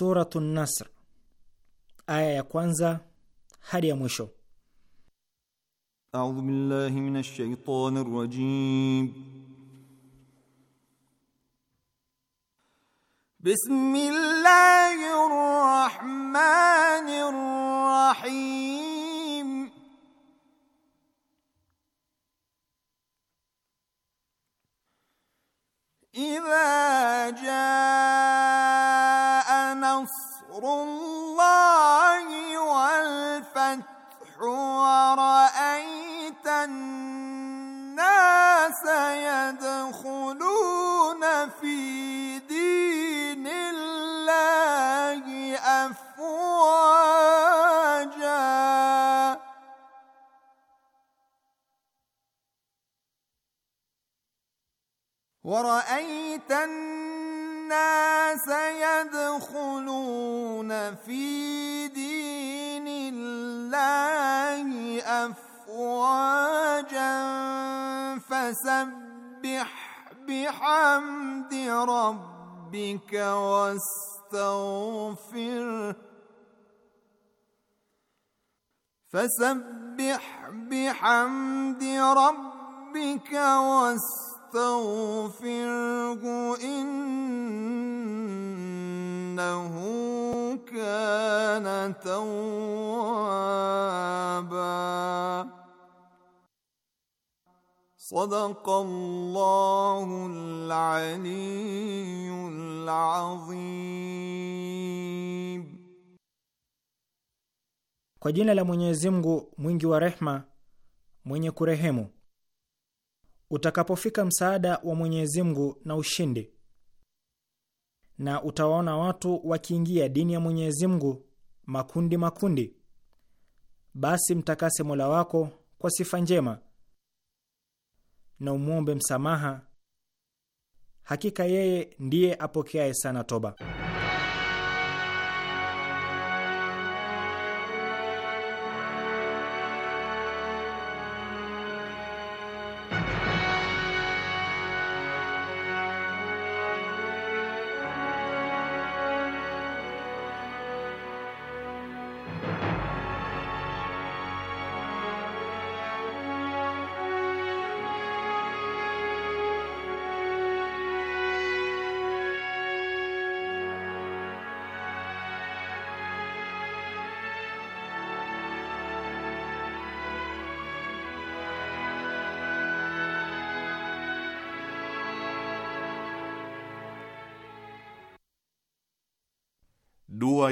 Suratu Nasr aya ya kwanza hadi ya mwisho. A'udhu billahi minash shaitanir rajim. Bismillahir rahmanir rahim. إذا جاء نصر الله والفتح ورأيت الناس يدخلون في دين الله أفواجا ورأيت الناس الناس يدخلون في دين الله أفواجا فسبح بحمد ربك واستغفره فسبح بحمد ربك واستغفره إنه كان توابا صدق الله العلي العظيم Kwa jina la Mwenyezi Mungu mwingi wa rehma mwenye kurehemu utakapofika msaada wa Mwenyezi Mungu na ushindi, na utawaona watu wakiingia dini ya Mwenyezi Mungu makundi makundi, basi mtakase Mola wako kwa sifa njema na umwombe msamaha, hakika yeye ndiye apokeaye sana toba.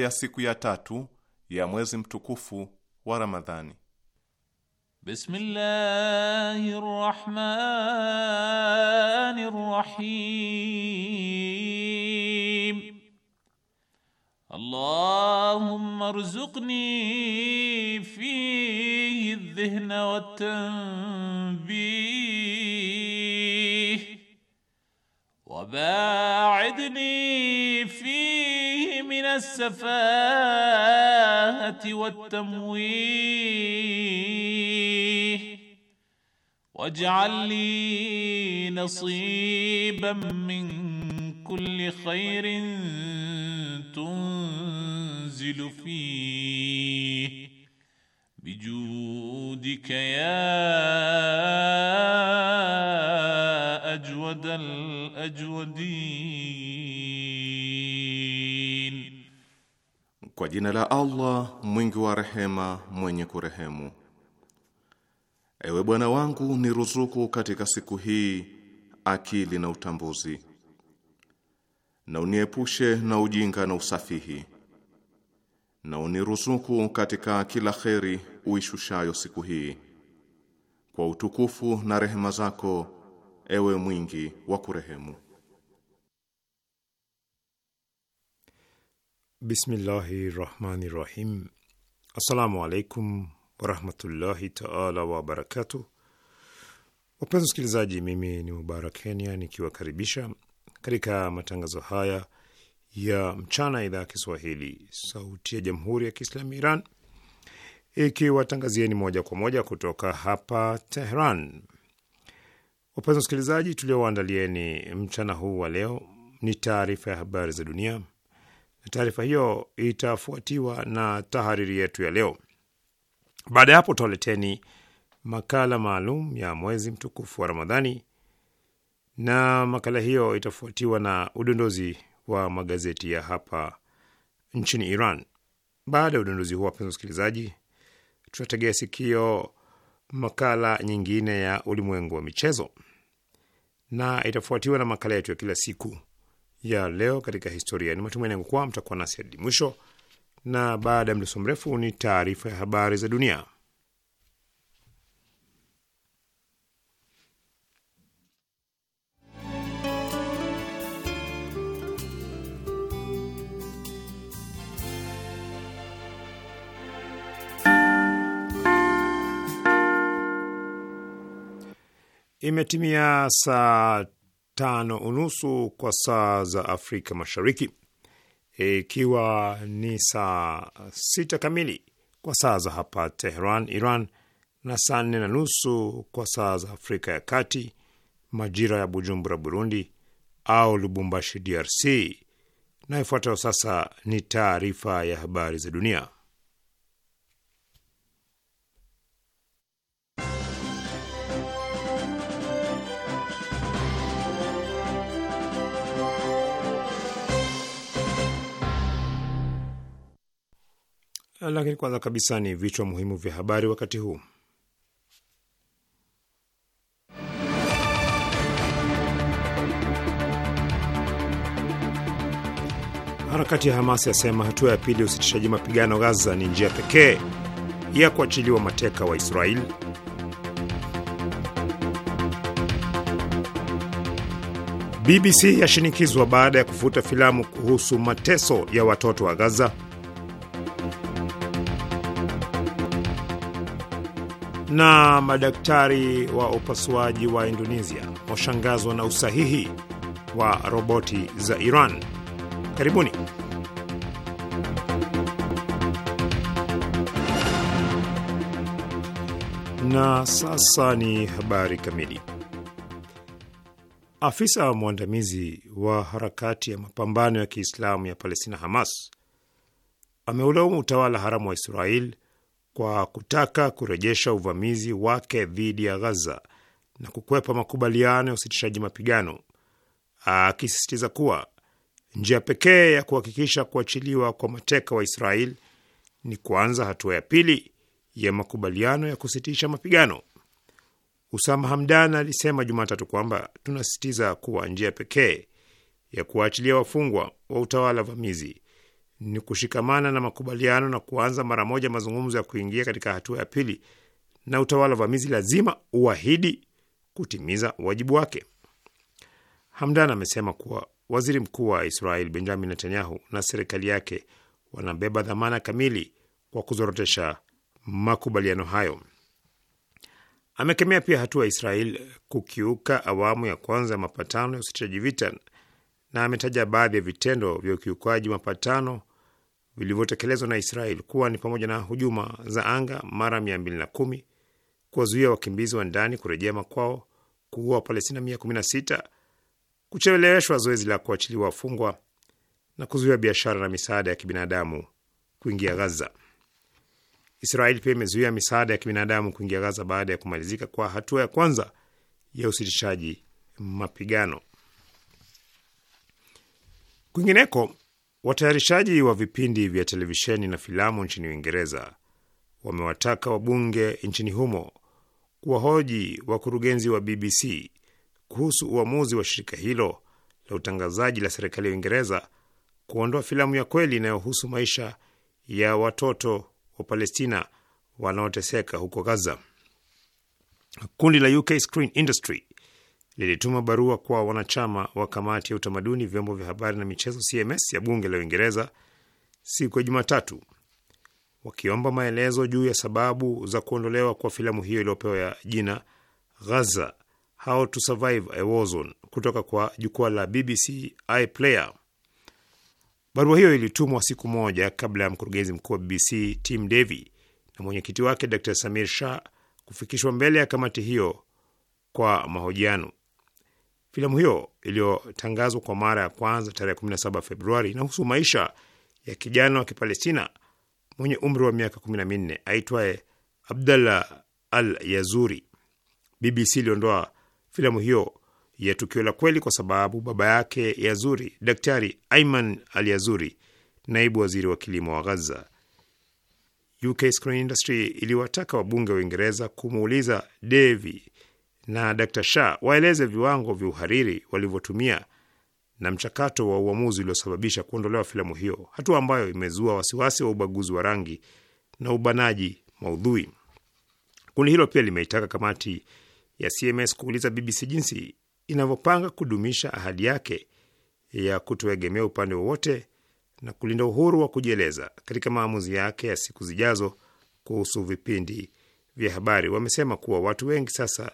ya siku ya tatu ya mwezi mtukufu wa Ramadhani. Bismillahir Rahmanir Rahim. Allahumma rzuqni fihi dhihna wa tanbih wa ba'idni fihi السفاهة والتمويه واجعل لي نصيبا من كل خير تنزل فيه بجودك يا أجود الأجودين Kwa jina la Allah mwingi wa rehema mwenye kurehemu. Ewe Bwana wangu, niruzuku katika siku hii akili na utambuzi, na uniepushe na ujinga na usafihi, na uniruzuku katika kila kheri uishushayo siku hii, kwa utukufu na rehema zako, ewe mwingi wa kurehemu. Bismillahi rahmani rahim. Assalamu alaikum warahmatullahi taala wabarakatuh. Wapenzi wasikilizaji, mimi ni Mubarak Kenya nikiwakaribisha katika matangazo haya ya mchana, idhaa ya Kiswahili sauti ya jamhuri ya Kiislamu Iran ikiwatangazieni moja kwa moja kutoka hapa Tehran. Wapenzi wasikilizaji, tuliowaandalieni mchana huu wa leo ni taarifa ya habari za dunia Taarifa hiyo itafuatiwa na tahariri yetu ya leo. Baada ya hapo, twaleteni makala maalum ya mwezi mtukufu wa Ramadhani, na makala hiyo itafuatiwa na udondozi wa magazeti ya hapa nchini Iran. Baada ya udondozi huo, wapenzi wasikilizaji, tutategea sikio makala nyingine ya ulimwengu wa michezo na itafuatiwa na makala yetu ya kila siku ya leo katika historia. Ni matumaini yangu kuwa mtakuwa nasi hadi mwisho, na baada ya mdoso mrefu ni taarifa ya habari za dunia. Imetimia saa tano unusu kwa saa za Afrika Mashariki, ikiwa e, ni saa sita kamili kwa saa za hapa Teheran, Iran, na saa nne na nusu kwa saa za Afrika ya Kati, majira ya Bujumbura, Burundi, au Lubumbashi, DRC. Na ifuatayo sasa ni taarifa ya habari za dunia. Lakini kwanza kabisa ni vichwa muhimu vya habari wakati huu. Harakati ya Hamas yasema hatua ya pili ya usitishaji mapigano Gaza ni njia pekee ya kuachiliwa mateka wa Israeli. BBC yashinikizwa baada ya kufuta filamu kuhusu mateso ya watoto wa Gaza. na madaktari wa upasuaji wa Indonesia washangazwa na usahihi wa roboti za Iran. Karibuni. Na sasa ni habari kamili. Afisa mwandamizi wa harakati ya mapambano ya Kiislamu ya Palestina, Hamas, ameulaumu utawala haramu wa Israel kwa kutaka kurejesha uvamizi wake dhidi ya Ghaza na kukwepa makubaliano ya usitishaji mapigano, akisisitiza kuwa njia pekee ya kuhakikisha kuachiliwa kwa mateka wa Israel ni kuanza hatua ya pili ya makubaliano ya kusitisha mapigano. Usama Hamdan alisema Jumatatu kwamba tunasisitiza kuwa njia pekee ya kuwaachilia wafungwa wa utawala vamizi ni kushikamana na makubaliano na kuanza mara moja mazungumzo ya kuingia katika hatua ya pili, na utawala vamizi lazima uahidi kutimiza wajibu wake. Hamdan amesema kuwa waziri mkuu wa Israel Benjamin Netanyahu na serikali yake wanabeba dhamana kamili kwa kuzorotesha makubaliano hayo. Amekemea pia hatua ya Israel kukiuka awamu ya kwanza ya mapatano ya usitishaji vita na ametaja baadhi ya vitendo vya ukiukaji mapatano vilivyotekelezwa na Israel kuwa ni pamoja na hujuma za anga mara mia na kuwazuia wakimbizi wa ndani kurejea makwao, kuua Wapalestina mia kucheleweshwa zoezi la kuachiliwa wafungwa na kuzuia biashara na misaada ya kibinadamu kuingia Gaza. Israel pia imezuia misaada ya kibinadamu kuingia Gaza baada ya kumalizika kwa hatua ya kwanza ya usitishaji mapigano. Kwingineko, Watayarishaji wa vipindi vya televisheni na filamu nchini Uingereza wamewataka wabunge nchini humo kuwahoji wakurugenzi wa BBC kuhusu uamuzi wa shirika hilo la utangazaji la serikali ya Uingereza kuondoa filamu ya kweli inayohusu maisha ya watoto wa Palestina wanaoteseka huko Gaza. Kundi la UK Screen Industry lilituma barua kwa wanachama wa kamati ya utamaduni, vyombo vya habari na michezo CMS ya bunge la Uingereza siku ya Jumatatu wakiomba maelezo juu ya sababu za kuondolewa kwa filamu hiyo iliyopewa ya jina Gaza How to Survive a War Zone kutoka kwa jukwaa la BBC iPlayer. Barua hiyo ilitumwa siku moja kabla ya mkurugenzi mkuu wa BBC Tim davy na mwenyekiti wake Dr Samir Shah kufikishwa mbele ya kamati hiyo kwa mahojiano. Filamu hiyo iliyotangazwa kwa mara ya kwanza tarehe 17 Februari inahusu maisha ya kijana wa Kipalestina mwenye umri wa miaka 14 aitwaye Abdallah Al Yazuri. BBC iliondoa filamu hiyo ya tukio la kweli kwa sababu baba yake Yazuri, Daktari Aiman Al Yazuri, naibu waziri wa kilimo wa Gaza. UK Screen Industry iliwataka wabunge wa Uingereza kumuuliza Devi na Dr. Shah waeleze viwango vya uhariri walivyotumia na mchakato wa uamuzi uliosababisha kuondolewa filamu hiyo, hatua ambayo imezua wasiwasi wa ubaguzi wa rangi na ubanaji maudhui. Kundi hilo pia limeitaka kamati ya CMS kuuliza BBC jinsi inavyopanga kudumisha ahadi yake ya kutoegemea upande wowote na kulinda uhuru wa kujieleza katika maamuzi yake ya siku zijazo kuhusu vipindi vya habari. Wamesema kuwa watu wengi sasa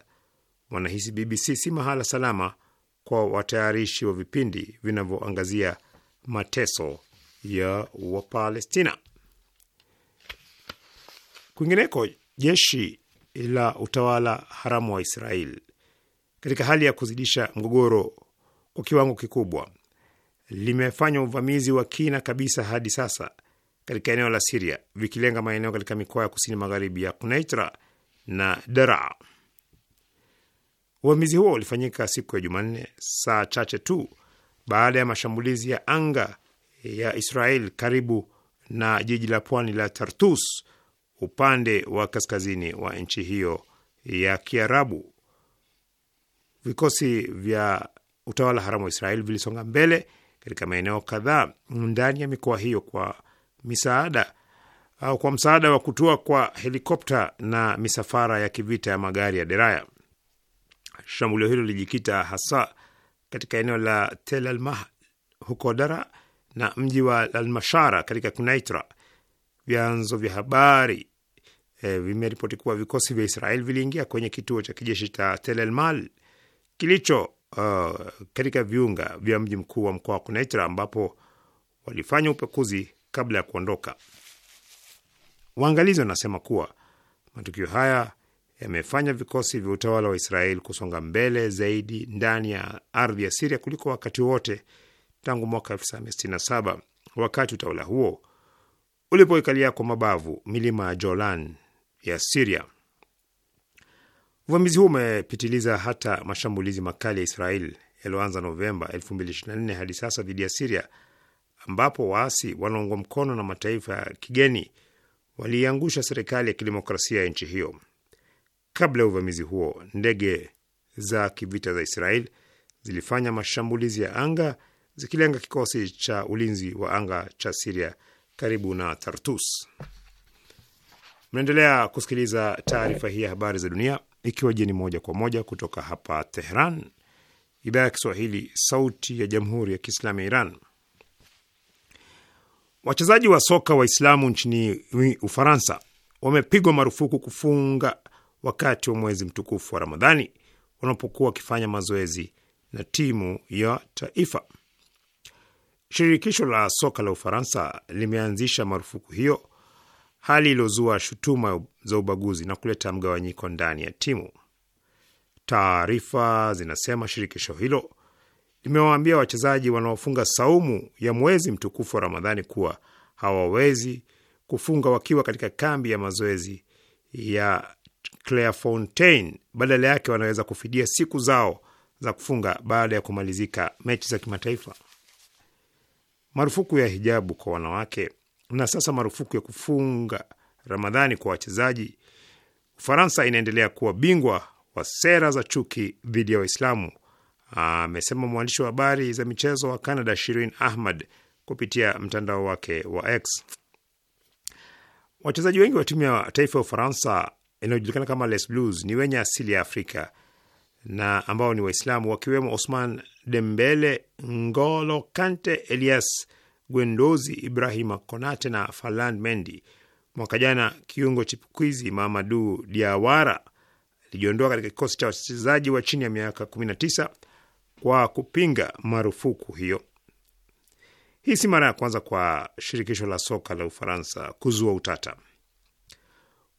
wanahisi BBC si mahala salama kwa watayarishi wa vipindi vinavyoangazia mateso ya Wapalestina. Kwingineko, jeshi la utawala haramu wa Israel katika hali ya kuzidisha mgogoro kwa kiwango kikubwa limefanya uvamizi wa kina kabisa hadi sasa katika eneo la Siria, vikilenga maeneo katika mikoa ya kusini magharibi ya Kuneitra na Daraa. Uvamizi huo ulifanyika siku ya Jumanne, saa chache tu baada ya mashambulizi ya anga ya Israel karibu na jiji la pwani la Tartus upande wa kaskazini wa nchi hiyo ya Kiarabu. Vikosi vya utawala haramu wa Israel vilisonga mbele katika maeneo kadhaa ndani ya mikoa hiyo kwa misaada au kwa msaada wa kutua kwa helikopta na misafara ya kivita ya magari ya deraya. Shambulio hilo lilijikita hasa katika eneo la Tel Almah huko Dara na mji wa Almashara katika Kunaitra. Vyanzo vya habari e, vimeripoti kuwa vikosi vya Israel viliingia kwenye kituo cha kijeshi cha Tel Almal kilicho uh, katika viunga vya mji mkuu wa mkoa wa Kunaitra ambapo walifanya upekuzi kabla ya kuondoka. Waangalizi wanasema kuwa matukio haya yamefanya vikosi vya utawala wa israel kusonga mbele zaidi ndani ya ardhi ya Siria kuliko wakati wote tangu mwaka 1967 wakati utawala huo ulipoikalia kwa mabavu milima ya Jolan ya Siria. Uvamizi huu umepitiliza hata mashambulizi makali ya israel yaliyoanza Novemba 2024 hadi sasa dhidi ya Siria, ambapo waasi wanaungwa mkono na mataifa ya kigeni waliiangusha serikali ya kidemokrasia ya nchi hiyo. Kabla ya uvamizi huo, ndege za kivita za Israel zilifanya mashambulizi ya anga zikilenga kikosi cha ulinzi wa anga cha Siria karibu na Tartus. Mnaendelea kusikiliza taarifa hii ya habari za dunia ikiwa jeni moja kwa moja kutoka hapa Tehran, idhaa ya Kiswahili, sauti ya jamhuri ya kiislamu ya Iran. Wachezaji wa soka Waislamu nchini Ufaransa wamepigwa marufuku kufunga wakati wa mwezi mtukufu wa Ramadhani wanapokuwa wakifanya mazoezi na timu ya taifa. Shirikisho la soka la Ufaransa limeanzisha marufuku hiyo, hali iliyozua shutuma za ubaguzi na kuleta mgawanyiko ndani ya timu. Taarifa zinasema shirikisho hilo limewaambia wachezaji wanaofunga saumu ya mwezi mtukufu wa Ramadhani kuwa hawawezi kufunga wakiwa katika kambi ya mazoezi ya Clairefontaine. Badala yake wanaweza kufidia siku zao za kufunga baada ya kumalizika mechi za kimataifa. Marufuku ya hijabu kwa wanawake na sasa marufuku ya kufunga Ramadhani kwa wachezaji. Ufaransa inaendelea kuwa bingwa wa sera za chuki dhidi ya Waislamu, amesema mwandishi wa habari za michezo wa Canada Shirin Ahmad kupitia mtandao wake wa X. Wachezaji wengi wa timu ya taifa ya Ufaransa inayojulikana kama Les Blues ni wenye asili ya Afrika na ambao ni Waislamu wakiwemo Osman Dembele, Ngolo Kante, Elias Gwendozi, Ibrahim Konate na Faland Mendi. Mwaka jana kiungo chipukizi Mamadu Diawara alijiondoa katika kikosi cha wachezaji wa chini ya miaka 19 kwa kupinga marufuku hiyo. Hii si mara ya kwanza kwa shirikisho la soka la Ufaransa kuzua utata.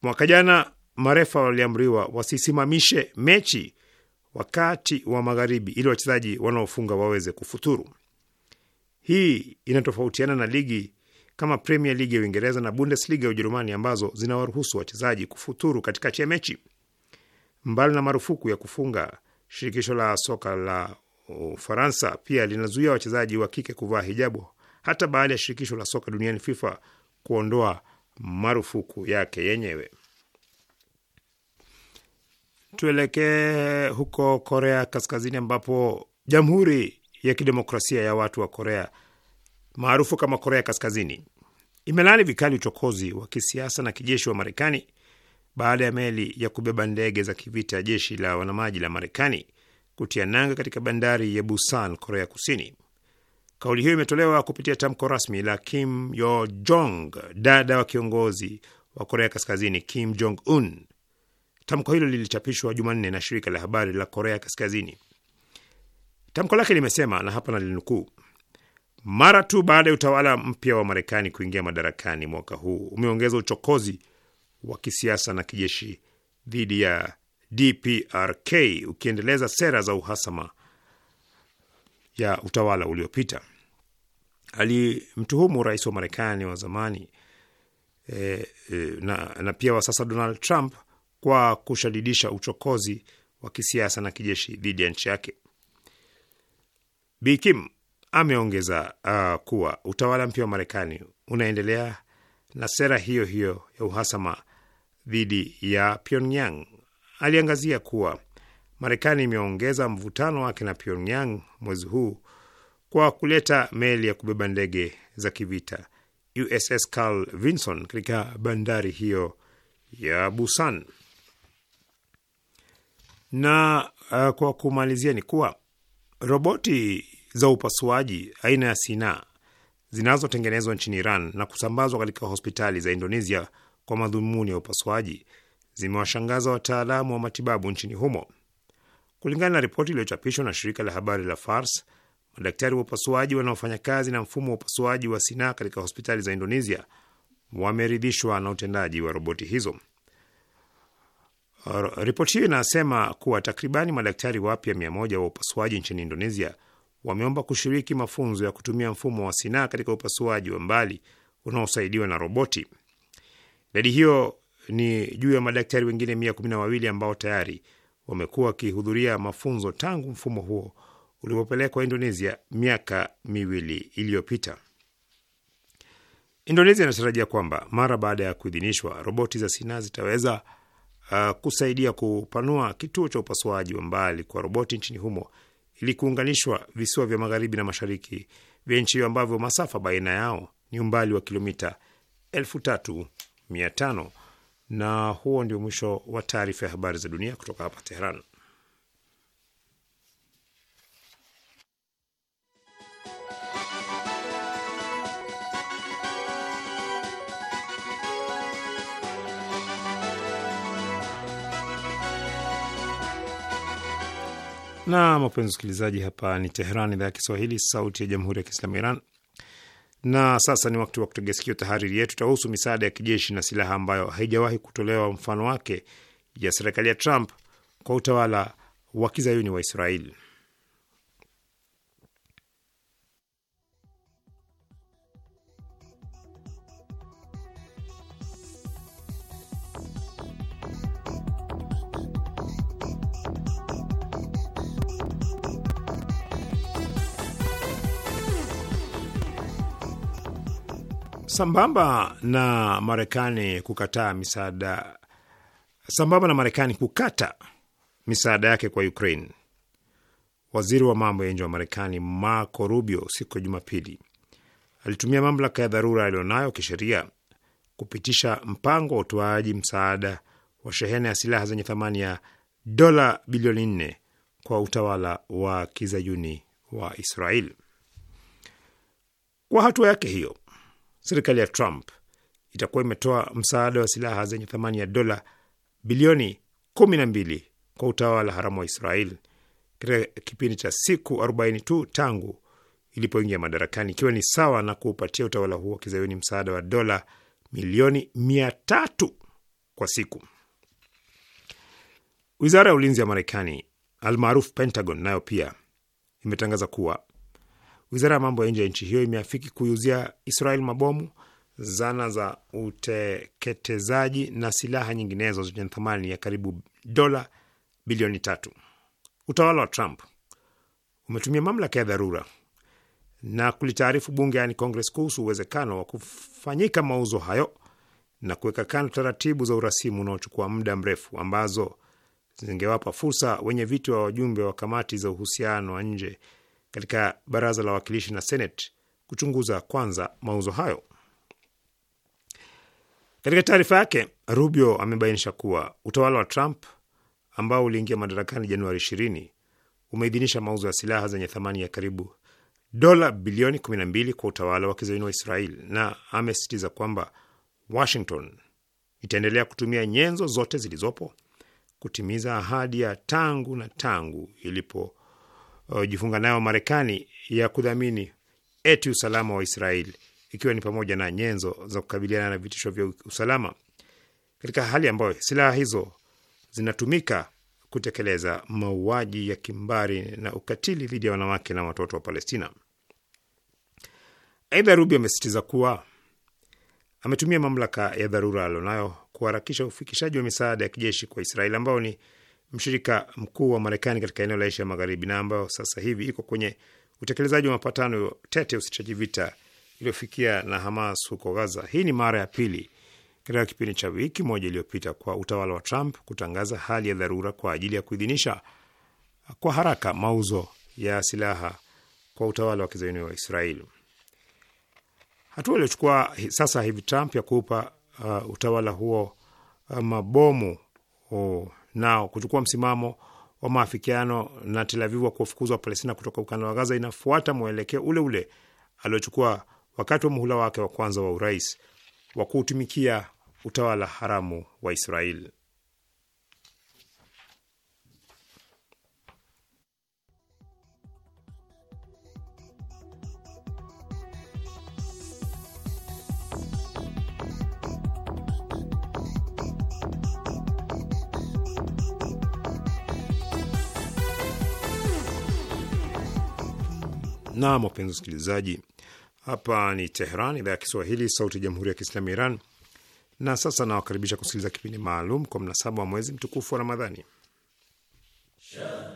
Mwaka jana marefa waliamriwa wasisimamishe mechi wakati wa magharibi ili wachezaji wanaofunga waweze kufuturu. Hii inatofautiana na ligi kama Premier League ya Uingereza na Bundesliga ya Ujerumani ambazo zinawaruhusu wachezaji kufuturu katikati ya mechi. Mbali na marufuku ya kufunga, shirikisho la soka la Ufaransa pia linazuia wachezaji wa kike kuvaa hijabu hata baada ya shirikisho la soka duniani FIFA kuondoa marufuku yake yenyewe tuelekee huko Korea Kaskazini, ambapo Jamhuri ya Kidemokrasia ya Watu wa Korea maarufu kama Korea Kaskazini imelaani vikali uchokozi wa kisiasa na kijeshi wa Marekani baada ya meli ya kubeba ndege za kivita jeshi la wanamaji la Marekani kutia nanga katika bandari ya Busan, Korea Kusini. Kauli hiyo imetolewa kupitia tamko rasmi la Kim Yo Jong, dada wa kiongozi wa Korea Kaskazini Kim Jong Un, Tamko hilo lilichapishwa Jumanne na shirika la habari la Korea Kaskazini. Tamko lake limesema, na hapa nalinukuu: mara tu baada ya utawala mpya wa Marekani kuingia madarakani mwaka huu umeongeza uchokozi wa kisiasa na kijeshi dhidi ya DPRK ukiendeleza sera za uhasama ya utawala uliopita. Alimtuhumu rais wa Marekani wa zamani e, e, na, na pia wa sasa Donald Trump kwa kushadidisha uchokozi wa kisiasa na kijeshi dhidi ya nchi yake. Bi Kim ameongeza uh, kuwa utawala mpya wa Marekani unaendelea na sera hiyo hiyo ya uhasama dhidi ya Pyongyang. Aliangazia kuwa Marekani imeongeza mvutano wake na Pyongyang mwezi huu kwa kuleta meli ya kubeba ndege za kivita USS Carl Vinson katika bandari hiyo ya Busan. Na uh, kwa kumalizia ni kuwa roboti za upasuaji aina ya Sina zinazotengenezwa nchini Iran na kusambazwa katika hospitali za Indonesia kwa madhumuni ya upasuaji zimewashangaza wataalamu wa matibabu nchini humo. Kulingana na ripoti iliyochapishwa na shirika la habari la Fars, madaktari wa upasuaji wanaofanya kazi na mfumo wa upasuaji wa Sina katika hospitali za Indonesia wameridhishwa na utendaji wa roboti hizo. Ripoti hiyo inasema kuwa takribani madaktari wapya mia moja wa upasuaji nchini Indonesia wameomba kushiriki mafunzo ya kutumia mfumo wa sinaa katika upasuaji wa mbali unaosaidiwa na roboti. Idadi hiyo ni juu ya madaktari wengine mia kumi na wawili ambao tayari wamekuwa wakihudhuria mafunzo tangu mfumo huo ulipopelekwa Indonesia miaka miwili iliyopita. Indonesia inatarajia kwamba mara baada ya kuidhinishwa, roboti za sinaa zitaweza uh, kusaidia kupanua kituo cha upasuaji wa mbali kwa roboti nchini humo ili kuunganishwa visiwa vya magharibi na mashariki vya nchi hiyo ambavyo masafa baina yao ni umbali wa kilomita 3500. Na huo ndio mwisho wa taarifa ya habari za dunia kutoka hapa teheran na wapenzi wasikilizaji, hapa ni Teheran, idhaa ya Kiswahili, sauti ya jamhuri ya kiislamu Iran. Na sasa ni wakati wa kutega sikio. Tahariri yetu itahusu misaada ya kijeshi na silaha ambayo haijawahi kutolewa mfano wake ya serikali ya Trump kwa utawala wa kizayuni wa Israeli. Sambamba na Marekani kukataa misaada, sambamba na Marekani kukata misaada yake kwa Ukraine, waziri wa mambo ya nje wa Marekani Marco Rubio siku ya Jumapili alitumia mamlaka ya dharura aliyonayo kisheria kupitisha mpango wa utoaji msaada wa shehena ya silaha zenye thamani ya dola bilioni nne kwa utawala wa kizayuni wa Israel. Kwa hatua yake hiyo, serikali ya Trump itakuwa imetoa msaada wa silaha zenye thamani ya dola bilioni kumi na mbili kwa utawala haramu wa Israel katika kipindi cha siku 40 tu tangu ilipoingia madarakani, ikiwa ni sawa na kuupatia utawala huo wa kizayuni msaada wa dola milioni mia tatu kwa siku. Wizara ya ulinzi ya Marekani almaarufu Pentagon nayo pia imetangaza kuwa Wizara ya mambo ya nje ya nchi hiyo imeafiki kuiuzia Israel mabomu, zana za uteketezaji na silaha nyinginezo zenye thamani ya karibu dola bilioni tatu. Utawala wa Trump umetumia mamlaka ya dharura na kulitaarifu bunge, yaani Congress, kuhusu uwezekano wa kufanyika mauzo hayo na kuweka kando taratibu za urasimu unaochukua muda mrefu ambazo zingewapa fursa wenye viti wa wajumbe wa kamati za uhusiano wa nje katika baraza la wawakilishi na Senate kuchunguza kwanza mauzo hayo. Katika taarifa yake, Rubio amebainisha kuwa utawala wa Trump ambao uliingia madarakani Januari 20 umeidhinisha mauzo ya silaha zenye thamani ya karibu dola bilioni 12 kwa utawala wa kizayuni wa Israel, na amesisitiza kwamba Washington itaendelea kutumia nyenzo zote zilizopo kutimiza ahadi ya tangu na tangu ilipo Uh, jifunga nayo Marekani ya kudhamini eti usalama wa Israeli, ikiwa ni pamoja na nyenzo za kukabiliana na vitisho vya usalama, katika hali ambayo silaha hizo zinatumika kutekeleza mauaji ya kimbari na ukatili dhidi ya wanawake na watoto wa Palestina. Aidha, Rubi amesisitiza kuwa ametumia mamlaka ya dharura alionayo kuharakisha ufikishaji wa misaada ya kijeshi kwa Israeli ambao ni mshirika mkuu wa Marekani katika eneo la Asia ya Magharibi, na ambayo sasa hivi iko kwenye utekelezaji wa mapatano tete ya usitishaji vita iliyofikia na Hamas huko Gaza. Hii ni mara ya pili katika kipindi cha wiki moja iliyopita kwa utawala wa Trump kutangaza hali ya dharura kwa ajili ya kuidhinisha kwa haraka mauzo ya silaha kwa utawala wa kizayuni wa Israeli. Hatua iliyochukua sasa hivi Trump ya kuupa uh, utawala huo uh, mabomu oh, nao kuchukua msimamo wa maafikiano na Tel Aviv wa kuwafukuzwa Wapalestina kutoka ukanda wa Gaza inafuata mwelekeo ule ule aliochukua wakati wa muhula wake wa kwanza wa urais wa kuutumikia utawala haramu wa Israeli. Naam, wapenzi wasikilizaji, hapa ni Tehran, idhaa ya Kiswahili, sauti ya jamhuri ya kiislamu ya Iran. Na sasa nawakaribisha kusikiliza kipindi maalum kwa mnasaba wa mwezi mtukufu wa Ramadhani Shana.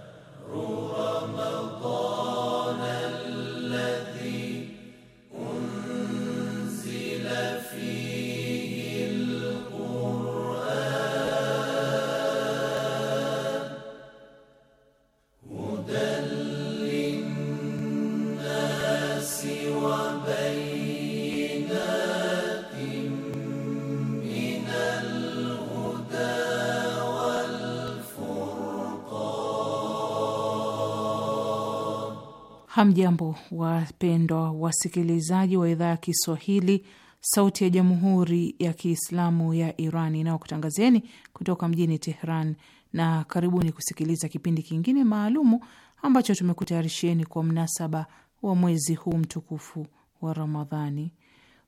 Hamjambo, wapendwa wasikilizaji wa idhaa ya Kiswahili, Sauti ya Jamhuri ya Kiislamu ya Iran inayokutangazieni kutoka mjini Tehran, na karibuni kusikiliza kipindi kingine maalumu ambacho tumekutayarishieni kwa mnasaba wa mwezi huu mtukufu wa Ramadhani.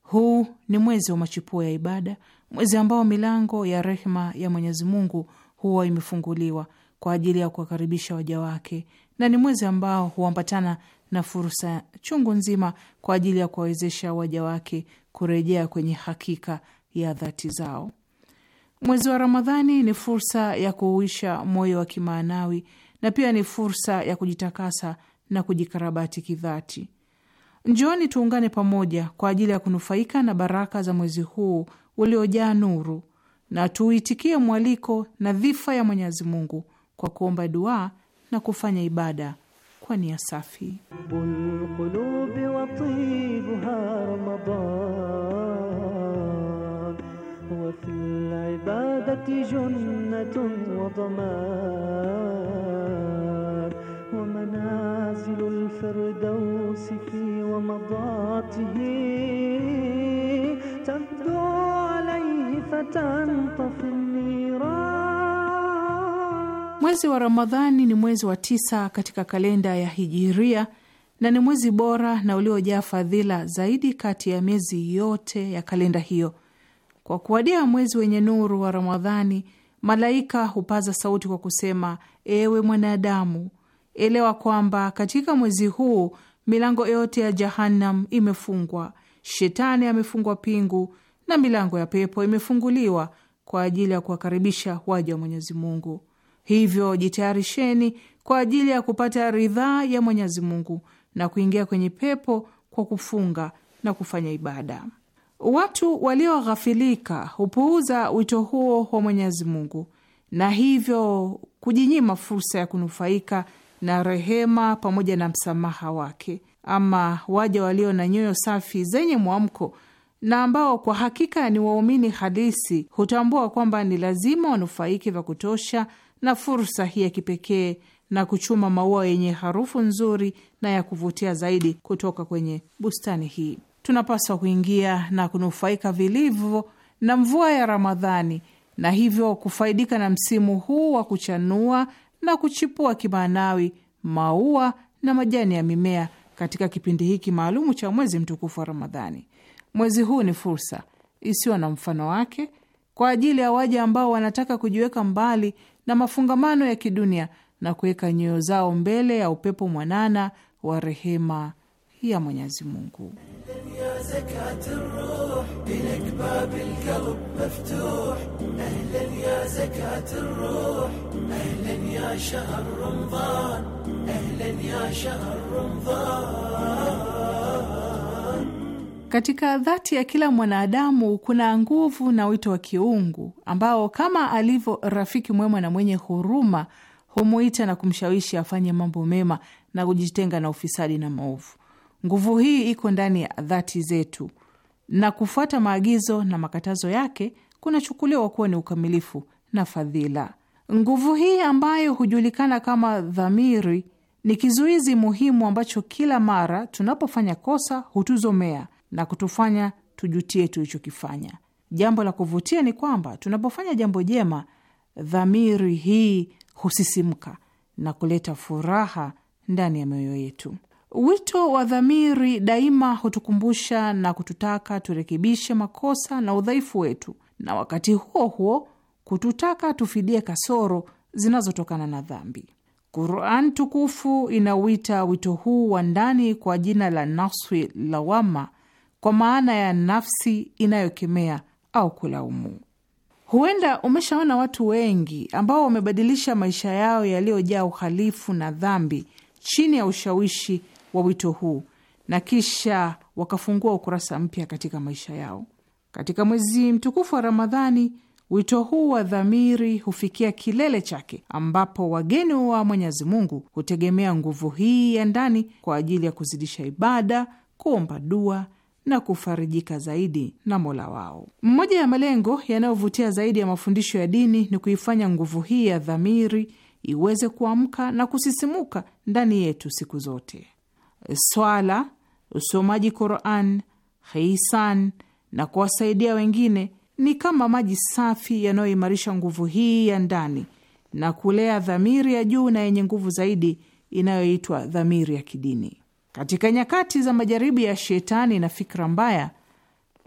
Huu ni mwezi wa machipuo ya ibada, mwezi ambao milango ya rehma ya Mwenyezi Mungu huwa imefunguliwa kwa ajili ya kuwakaribisha waja wake na ni mwezi ambao huambatana na fursa chungu nzima kwa ajili ya kuwawezesha waja wake kurejea kwenye hakika ya dhati zao. Mwezi wa Ramadhani ni fursa ya kuuisha moyo wa kimaanawi na pia ni fursa ya kujitakasa na kujikarabati kidhati. Njooni tuungane pamoja kwa ajili ya kunufaika na baraka za mwezi huu uliojaa nuru, na tuuitikie mwaliko na dhifa ya Mwenyezi Mungu kwa kuomba duaa na kufanya ibada kwa nia safi. Mwezi wa Ramadhani ni mwezi wa tisa katika kalenda ya Hijiria na ni mwezi bora na uliojaa fadhila zaidi kati ya miezi yote ya kalenda hiyo. Kwa kuwadia mwezi wenye nuru wa Ramadhani, malaika hupaza sauti kwa kusema: ewe mwanadamu, elewa kwamba katika mwezi huu milango yote ya Jahannam imefungwa, shetani amefungwa pingu na milango ya pepo imefunguliwa kwa ajili ya kuwakaribisha waja wa Mwenyezi Mungu. Hivyo jitayarisheni kwa ajili ya kupata ridhaa ya Mwenyezi Mungu na kuingia kwenye pepo kwa kufunga na kufanya ibada. Watu walioghafilika hupuuza wito huo wa Mwenyezi Mungu na hivyo kujinyima fursa ya kunufaika na rehema pamoja na msamaha wake. Ama waja walio na nyoyo safi zenye mwamko na ambao kwa hakika ni waumini halisi hutambua kwamba ni lazima wanufaike vya kutosha na fursa hii ya kipekee na kuchuma maua yenye harufu nzuri na ya kuvutia zaidi kutoka kwenye bustani hii. Tunapaswa kuingia na kunufaika vilivyo na mvua ya Ramadhani na hivyo kufaidika na msimu huu wa kuchanua na kuchipua kimaanawi maua na majani ya mimea katika kipindi hiki maalumu cha mwezi mtukufu wa Ramadhani. Mwezi huu ni fursa isiyo na mfano wake kwa ajili ya waja ambao wanataka kujiweka mbali na mafungamano ya kidunia na kuweka nyoyo zao mbele ya upepo mwanana wa rehema ya Mwenyezi Mungu. Katika dhati ya kila mwanadamu kuna nguvu na wito wa kiungu ambao kama alivyo rafiki mwema na mwenye huruma humuita na kumshawishi afanye mambo mema na kujitenga na ufisadi na maovu. Nguvu hii iko ndani ya dhati zetu na kufuata maagizo na makatazo yake kunachukuliwa kuwa ni ukamilifu na fadhila. Nguvu hii ambayo hujulikana kama dhamiri ni kizuizi muhimu ambacho kila mara tunapofanya kosa hutuzomea na kutufanya tujutie tulichokifanya. Jambo la kuvutia ni kwamba tunapofanya jambo jema, dhamiri hii husisimka na kuleta furaha ndani ya mioyo yetu. Wito wa dhamiri daima hutukumbusha na kututaka turekebishe makosa na udhaifu wetu, na wakati huo huo kututaka tufidie kasoro zinazotokana na dhambi. Quran tukufu inauita wito huu wa ndani kwa jina la naswi lawama, kwa maana ya nafsi inayokemea au kulaumu. Huenda umeshaona watu wengi ambao wamebadilisha maisha yao yaliyojaa uhalifu na dhambi chini ya ushawishi wa wito huu na kisha wakafungua ukurasa mpya katika maisha yao. Katika mwezi mtukufu wa Ramadhani, wito huu wa dhamiri hufikia kilele chake, ambapo wageni wa Mwenyezi Mungu hutegemea nguvu hii ya ndani kwa ajili ya kuzidisha ibada, kuomba dua na kufarijika zaidi na Mola wao. Mmoja ya malengo yanayovutia zaidi ya mafundisho ya dini ni kuifanya nguvu hii ya dhamiri iweze kuamka na kusisimuka ndani yetu siku zote. Swala, usomaji Quran, hisan na kuwasaidia wengine ni kama maji safi yanayoimarisha nguvu hii ya ndani na kulea dhamiri ya juu na yenye nguvu zaidi inayoitwa dhamiri ya kidini. Katika nyakati za majaribu ya shetani na fikra mbaya,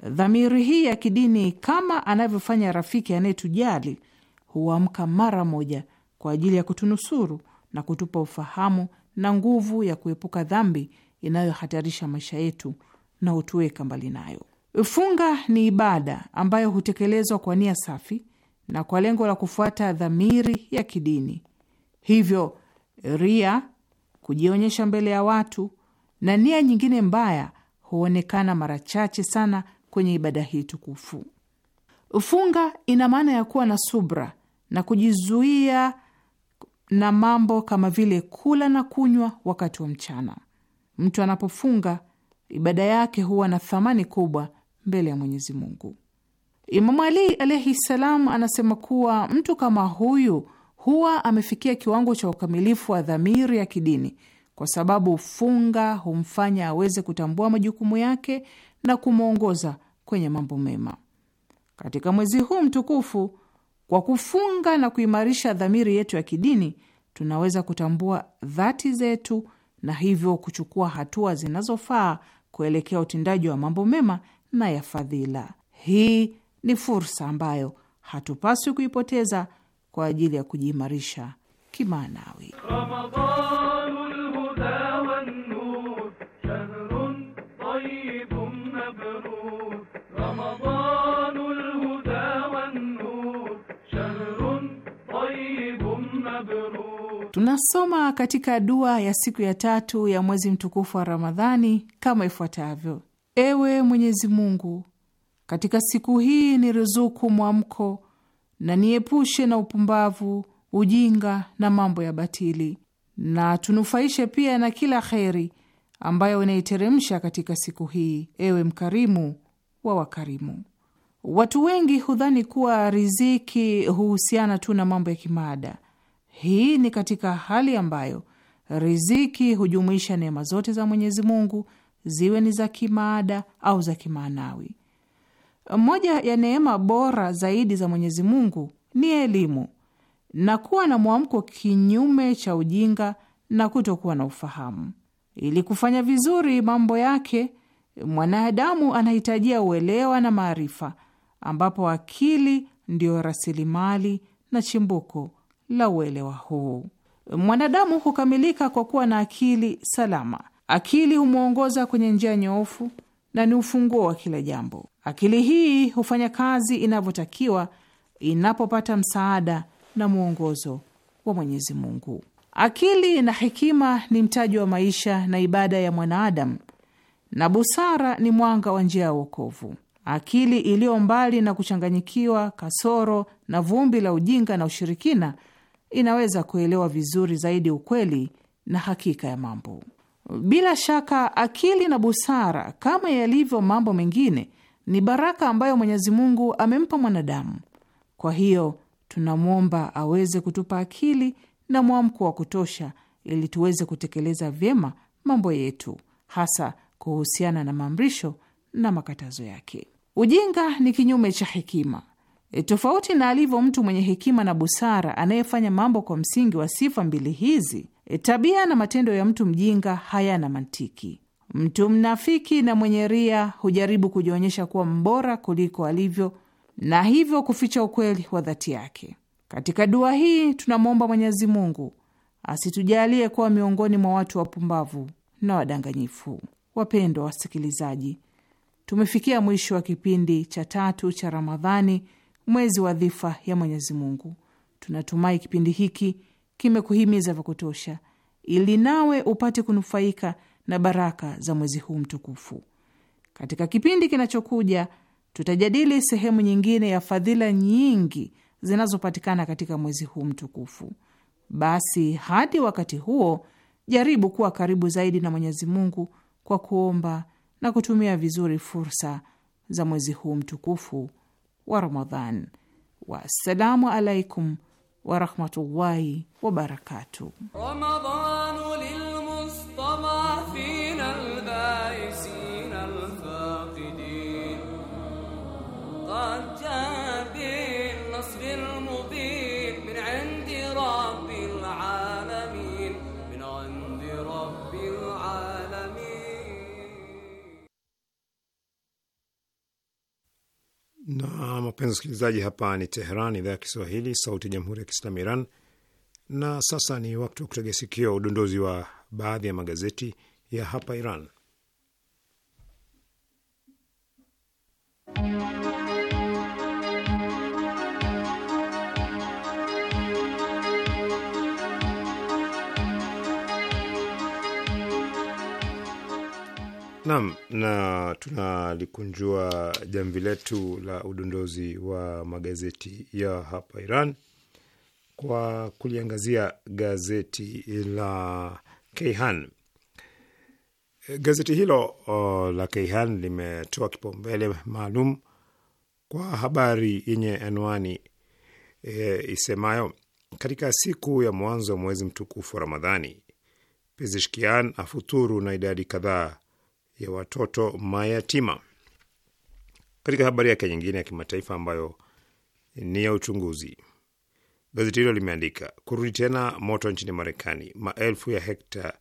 dhamiri hii ya kidini, kama anavyofanya rafiki anayetujali, huamka mara moja kwa ajili ya kutunusuru na kutupa ufahamu na nguvu ya kuepuka dhambi inayohatarisha maisha yetu na hutuweka mbali nayo. Funga ni ibada ambayo hutekelezwa kwa nia safi na kwa lengo la kufuata dhamiri ya kidini. Hivyo ria, kujionyesha mbele ya watu, na nia nyingine mbaya huonekana mara chache sana kwenye ibada hii tukufu. Funga ina maana ya kuwa na subra na kujizuia na mambo kama vile kula na kunywa wakati wa mchana. Mtu anapofunga ibada yake huwa na thamani kubwa mbele ya Mwenyezi Mungu. Imamu Ali alaihi salam anasema kuwa mtu kama huyu huwa amefikia kiwango cha ukamilifu wa dhamiri ya kidini kwa sababu funga humfanya aweze kutambua majukumu yake na kumwongoza kwenye mambo mema. Katika mwezi huu mtukufu, kwa kufunga na kuimarisha dhamiri yetu ya kidini, tunaweza kutambua dhati zetu na hivyo kuchukua hatua zinazofaa kuelekea utendaji wa mambo mema na ya fadhila. Hii ni fursa ambayo hatupaswi kuipoteza kwa ajili ya kujiimarisha kimaanawi. Ramadhanu. Tunasoma katika dua ya siku ya tatu ya mwezi mtukufu wa Ramadhani kama ifuatavyo: Ewe Mwenyezi Mungu, katika siku hii ni ruzuku mwamko na niepushe na upumbavu, ujinga na mambo ya batili na tunufaishe pia na kila kheri ambayo inaiteremsha katika siku hii, ewe mkarimu wa wakarimu. Watu wengi hudhani kuwa riziki huhusiana tu na mambo ya kimaada. Hii ni katika hali ambayo riziki hujumuisha neema zote za Mwenyezi Mungu, ziwe ni za kimaada au za kimaanawi. Moja ya neema bora zaidi za Mwenyezi Mungu ni elimu na kuwa na mwamko kinyume cha ujinga na kutokuwa na ufahamu. Ili kufanya vizuri mambo yake, mwanadamu anahitajia uelewa na maarifa, ambapo akili ndiyo rasilimali na chimbuko la uelewa huu. Mwanadamu hukamilika kwa kuwa na akili salama. Akili humwongoza kwenye njia nyoofu na ni ufunguo wa kila jambo. Akili hii hufanya kazi inavyotakiwa inapopata msaada na mwongozo wa Mwenyezi Mungu. Akili na hekima ni mtaji wa maisha na ibada ya mwanaadamu, na busara ni mwanga wa njia ya uokovu. Akili iliyo mbali na kuchanganyikiwa, kasoro na vumbi la ujinga na ushirikina inaweza kuelewa vizuri zaidi ukweli na hakika ya mambo. Bila shaka, akili na busara, kama yalivyo mambo mengine, ni baraka ambayo Mwenyezi Mungu amempa mwanadamu. Kwa hiyo Tunamwomba aweze kutupa akili na mwamko wa kutosha ili tuweze kutekeleza vyema mambo yetu, hasa kuhusiana na maamrisho na makatazo yake. Ujinga ni kinyume cha hekima. E, tofauti na alivyo mtu mwenye hekima na busara anayefanya mambo kwa msingi wa sifa mbili hizi, e, tabia na matendo ya mtu mjinga hayana mantiki. Mtu mnafiki na mwenye ria hujaribu kujionyesha kuwa mbora kuliko alivyo na hivyo kuficha ukweli wa dhati yake. Katika dua hii tunamwomba Mwenyezi Mungu asitujalie kuwa miongoni mwa watu wapumbavu na wadanganyifu. Wapendwa wasikilizaji, tumefikia mwisho wa kipindi cha tatu cha Ramadhani, mwezi wa dhifa ya Mwenyezi Mungu. Tunatumai kipindi hiki kimekuhimiza vya kutosha, ili nawe upate kunufaika na baraka za mwezi huu mtukufu. Katika kipindi kinachokuja tutajadili sehemu nyingine ya fadhila nyingi zinazopatikana katika mwezi huu mtukufu. Basi hadi wakati huo, jaribu kuwa karibu zaidi na Mwenyezi Mungu kwa kuomba na kutumia vizuri fursa za mwezi huu mtukufu wa Ramadhan. Wassalamu alaikum warahmatullahi wabarakatuh. Na wapenzi wasikilizaji, hapa ni Teheran, idhaa ya Kiswahili, sauti ya jamhuri ya kiislamu Iran. Na sasa ni wakati wa kutegea sikio udondozi wa baadhi ya magazeti ya hapa Iran. Nam na tunalikunjua jamvi letu la udondozi wa magazeti ya hapa Iran kwa kuliangazia gazeti la kehan Gazeti hilo uh, la kehan limetoa kipaumbele maalum kwa habari yenye anwani e, isemayo katika siku ya mwanzo wa mwezi mtukufu wa Ramadhani, Pezeshkian afuturu na idadi kadhaa ya watoto mayatima. Katika habari yake nyingine ya kimataifa ambayo ni ya uchunguzi, gazeti hilo limeandika kurudi tena moto nchini Marekani, maelfu ya hekta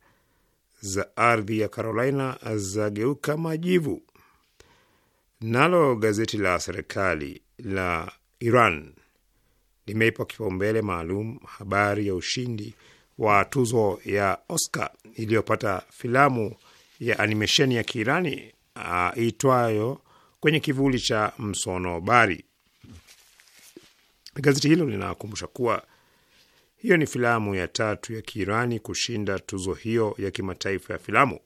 za ardhi ya Carolina zageuka majivu. Nalo gazeti la serikali la Iran limeipa kipaumbele maalum habari ya ushindi wa tuzo ya Oscar iliyopata filamu ya animesheni ya Kiirani aitwayo uh, Kwenye Kivuli cha Msonobari. Gazeti hilo linakumbusha kuwa hiyo ni filamu ya tatu ya Kiirani kushinda tuzo hiyo ya kimataifa ya filamu.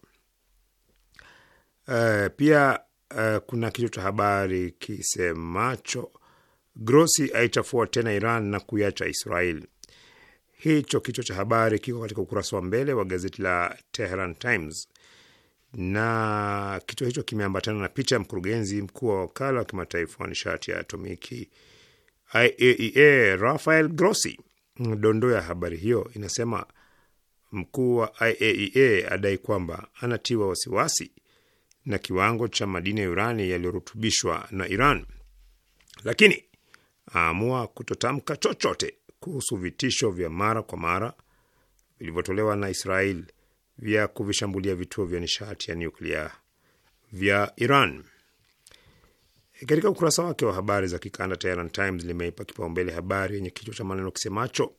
Uh, pia uh, kuna kichwa cha habari kisemacho Grossi aichafua tena Iran na kuiacha Israel. Hicho kichwa cha habari kiko katika ukurasa wa mbele wa gazeti la Tehran Times na kituo hicho kimeambatana na picha ya mkurugenzi mkuu wa wakala wa kimataifa wa nishati ya atomiki IAEA e Rafael Grossi. Dondoo ya habari hiyo inasema mkuu wa IAEA e adai kwamba anatiwa wasiwasi na kiwango cha madini ya urani yaliyorutubishwa na Iran, lakini aamua kutotamka chochote kuhusu vitisho vya mara kwa mara vilivyotolewa na Israel vya kuvishambulia vituo vya nishati ya nyuklia vya Iran. Katika ukurasa wake wa habari za kikanda, Tehran Times limeipa kipaumbele habari yenye kichwa cha maneno kisemacho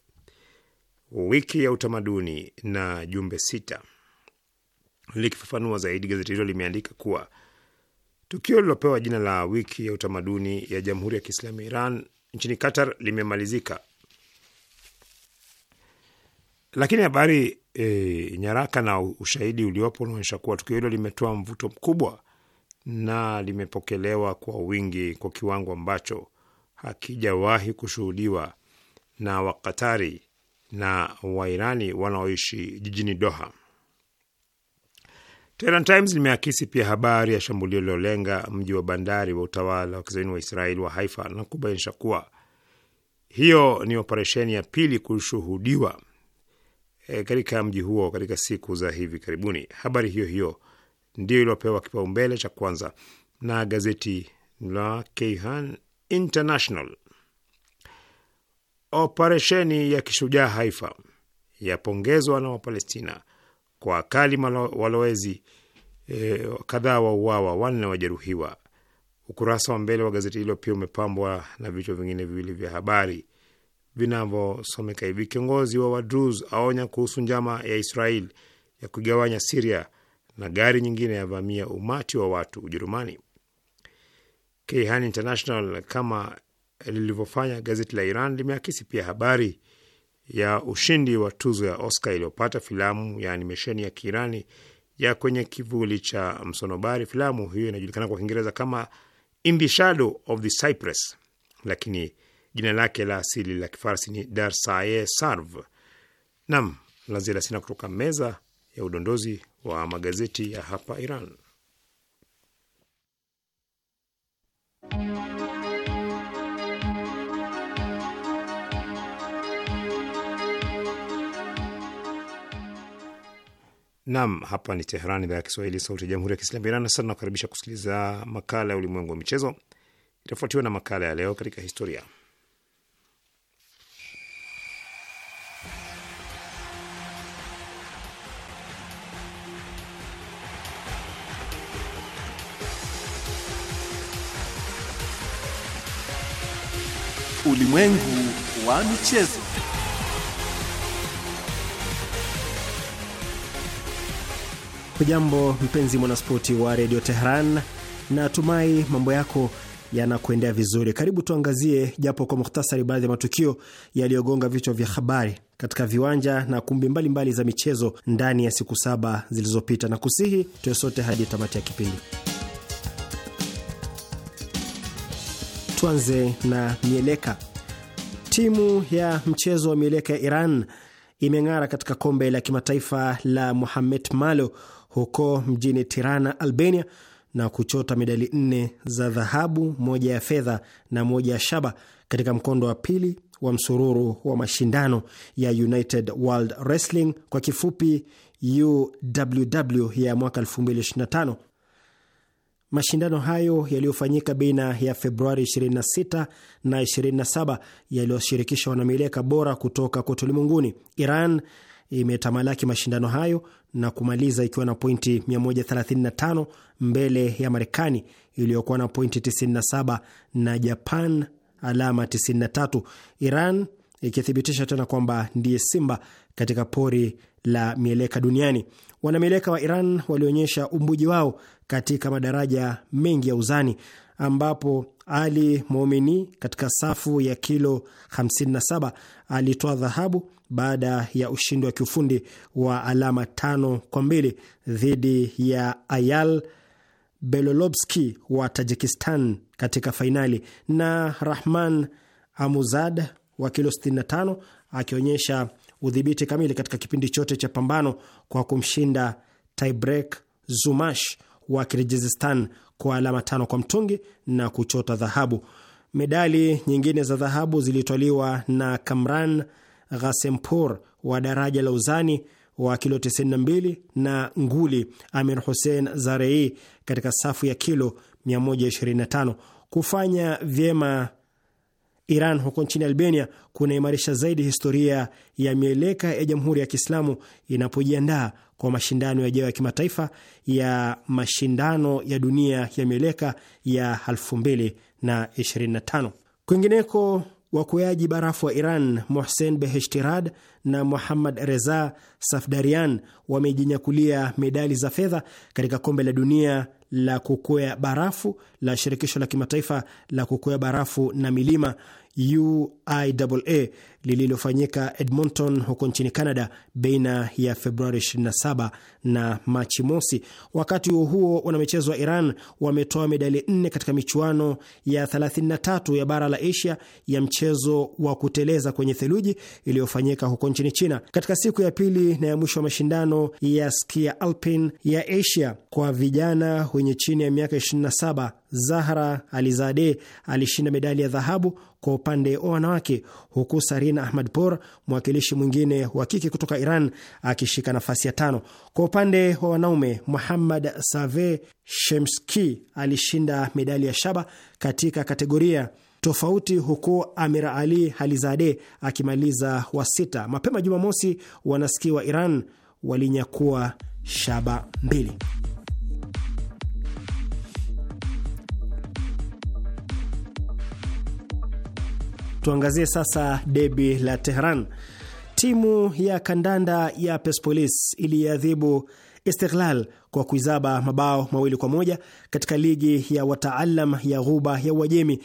wiki ya utamaduni na jumbe sita. Likifafanua zaidi, gazeti hilo limeandika kuwa tukio lililopewa jina la wiki ya utamaduni ya Jamhuri ya Kiislamu Iran nchini Qatar limemalizika lakini habari e, nyaraka na ushahidi uliopo unaonyesha kuwa tukio hilo limetoa mvuto mkubwa na limepokelewa kwa wingi kwa kiwango ambacho hakijawahi kushuhudiwa na Wakatari na Wairani wanaoishi jijini Doha. Tehran Times limeakisi pia habari ya shambulio lilolenga mji wa bandari wa utawala wa kizaini wa Israel wa Haifa na kubainisha kuwa hiyo ni operesheni ya pili kushuhudiwa e, katika mji huo katika siku za hivi karibuni. Habari hiyo hiyo ndiyo iliyopewa kipaumbele cha kwanza na gazeti la Keihan International. Operesheni ya kishujaa Haifa yapongezwa na Wapalestina kwa akali walowezi e, kadhaa wauawa, wanne wajeruhiwa. Ukurasa wa mbele wa gazeti hilo pia umepambwa na vichwa vingine viwili vya habari vinavyosomeka hivi: kiongozi wa Wadruz aonya kuhusu njama ya Israel ya kuigawanya Siria, na gari nyingine yavamia umati wa watu Ujerumani. Kayhan International kama lilivyofanya gazeti la Iran limeakisi pia habari ya ushindi wa tuzo ya Oscar iliyopata filamu ya animesheni ya Kiirani ya Kwenye Kivuli cha Msonobari. Filamu hiyo inajulikana kwa Kiingereza kama In the Shadow of the Cypress, lakini Jina lake la asili la Kifarsi ni Darsaye Sarv. Nam la sina kutoka meza ya udondozi wa magazeti ya hapa Iran. Nam, hapa ni teheran idhaa ya Kiswahili, sauti ya jamhuri ya kiislamu Iran. Sasa nakukaribisha kusikiliza makala ya ulimwengu wa michezo, itafuatiwa na makala ya leo katika historia Ulimwengu wa michezo. Hujambo mpenzi mwanaspoti wa redio Teheran, na tumai mambo yako yanakuendea vizuri. Karibu tuangazie japo kwa muhtasari baadhi ya matukio yaliyogonga vichwa vya habari katika viwanja na kumbi mbalimbali mbali za michezo ndani ya siku saba zilizopita, na kusihi tuwe sote hadi tamati ya kipindi. Tuanze na mieleka. Timu ya mchezo wa mieleka ya Iran imeng'ara katika kombe la kimataifa la Mohamed Malo huko mjini Tirana, Albania, na kuchota medali nne za dhahabu, moja ya fedha na moja ya shaba katika mkondo wa pili wa msururu wa mashindano ya United World Wrestling, kwa kifupi UWW ya mwaka 2025. Mashindano hayo yaliyofanyika baina ya Februari 26 na 27 yaliyoshirikisha wanamieleka bora kutoka kote ulimwenguni. Iran imetamalaki mashindano hayo na kumaliza ikiwa na pointi 135 mbele ya Marekani iliyokuwa na pointi 97 na Japan alama 93. Iran ikithibitisha tena kwamba ndiye simba katika pori la mieleka duniani. Wanamieleka wa Iran walionyesha umbuji wao katika madaraja mengi ya uzani ambapo Ali Momini katika safu ya kilo 57 alitoa dhahabu baada ya ushindi wa kiufundi wa alama tano kwa mbili dhidi ya Ayal Belolobski wa Tajikistan katika fainali, na Rahman Amuzad wa kilo 65 akionyesha udhibiti kamili katika kipindi chote cha pambano kwa kumshinda tiebreak Zumash wa Kirgizistan kwa alama tano kwa mtungi na kuchota dhahabu. Medali nyingine za dhahabu zilitwaliwa na Kamran Ghasempur wa daraja la uzani wa kilo 92 na nguli Amir Hussein Zarei katika safu ya kilo 125. Kufanya vyema Iran huko nchini Albania kunaimarisha zaidi historia ya mieleka ya Jamhuri ya Kiislamu inapojiandaa kwa mashindano yajayo ya kimataifa ya mashindano ya dunia ya mieleka ya 2025. Kwingineko, wakuaji barafu wa Iran Mohsen Beheshtirad na Muhammad Reza Safdarian wamejinyakulia medali za fedha katika kombe la dunia la kukwea barafu la shirikisho la kimataifa la kukwea barafu na milima UIAA lililofanyika Edmonton huko nchini Canada baina ya Februari 27 na Machi mosi. Wakati huo huo, wanamichezo wa Iran wametoa medali nne katika michuano ya 33 ya bara la Asia ya mchezo wa kuteleza kwenye theluji iliyofanyika huko nchini China katika siku ya pili na ya mwisho wa mashindano ya skia alpin ya Asia kwa vijana wenye chini ya miaka 27 Zahra Alizade alishinda medali ya dhahabu kwa upande wa wanawake, huku Sarina Ahmadpour, mwakilishi mwingine wa kike kutoka Iran, akishika nafasi ya tano. Kwa upande wa wanaume, Muhammad Save Shemski alishinda medali ya shaba katika kategoria tofauti huku amir Ali Alizade akimaliza wa sita. Mapema Jumamosi, wanaski wa Iran walinyakua shaba mbili. Tuangazie sasa debi la Tehran. Timu ya kandanda ya Persepolis iliadhibu Istiklal kwa kuizaba mabao mawili kwa moja katika ligi ya wataalam ya Ghuba ya Uajemi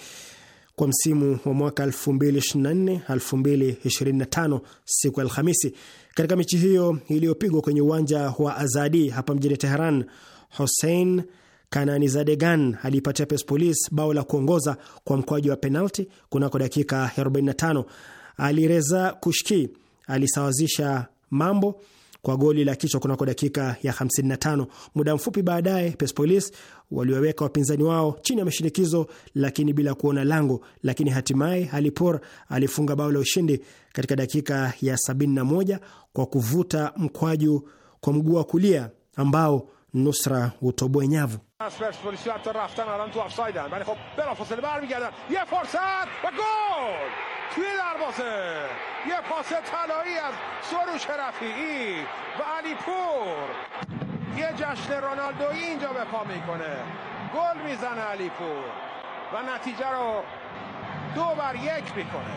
kwa msimu wa mwaka 2024 2025 siku ya Alhamisi. Katika mechi hiyo iliyopigwa kwenye uwanja wa Azadi hapa mjini Teheran, Hussein Kanani Zadegan alipatia Persepolis bao la kuongoza kwa mkwaji wa penalti kunako dakika 45. Alireza Kushki alisawazisha mambo kwa goli la kichwa kunako dakika ya 55. Muda mfupi baadaye, Persepolis waliwaweka wapinzani wao chini ya mashinikizo, lakini bila kuona lango. Lakini hatimaye Alipor alifunga bao la ushindi katika dakika ya 71 kwa kuvuta mkwaju kwa mguu wa kulia ambao nusra utoboe nyavu. از پرسپولیسی حتی رفتن الان تو آفسایدن ولی خب بلافاصله برمیگردن یه فرصت و گل توی دروازه یه پاس طلایی از سروش رفیعی و علی پور یه جشن رونالدو اینجا به پا میکنه گل میزنه علی پور و نتیجه رو دو بر یک میکنه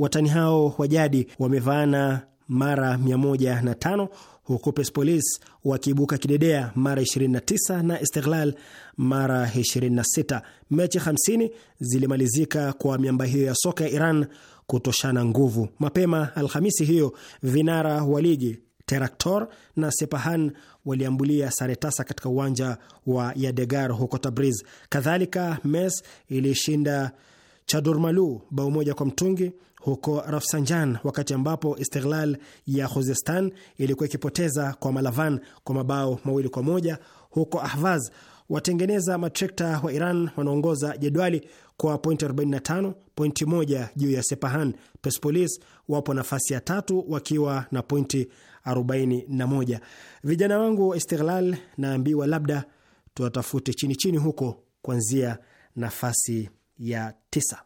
وطنی هاو وجادی و wamevaana mara 105 huku Persepolis wakiibuka kidedea mara 29 na Istiklal mara 26. Mechi 50 zilimalizika kwa miamba hiyo ya soka ya Iran kutoshana nguvu. Mapema Alhamisi hiyo vinara wa ligi Teraktor na Sepahan waliambulia sare tasa katika uwanja wa Yadegar huko Tabriz. Kadhalika, Mes ilishinda chadurmalu bao moja kwa mtungi huko Rafsanjan, wakati ambapo Istiklal ya Khuzestan ilikuwa ikipoteza kwa Malavan kwa mabao mawili kwa moja. Huko Ahvaz, watengeneza matrekta wa Iran wanaongoza jedwali kwa pointi 45, pointi moja juu ya Sepahan. Persepolis wapo nafasi ya tatu wakiwa na pointi 41. Vijana wangu wa Istiklal naambiwa labda tuwatafute chini chini huko kuanzia nafasi ya tisa.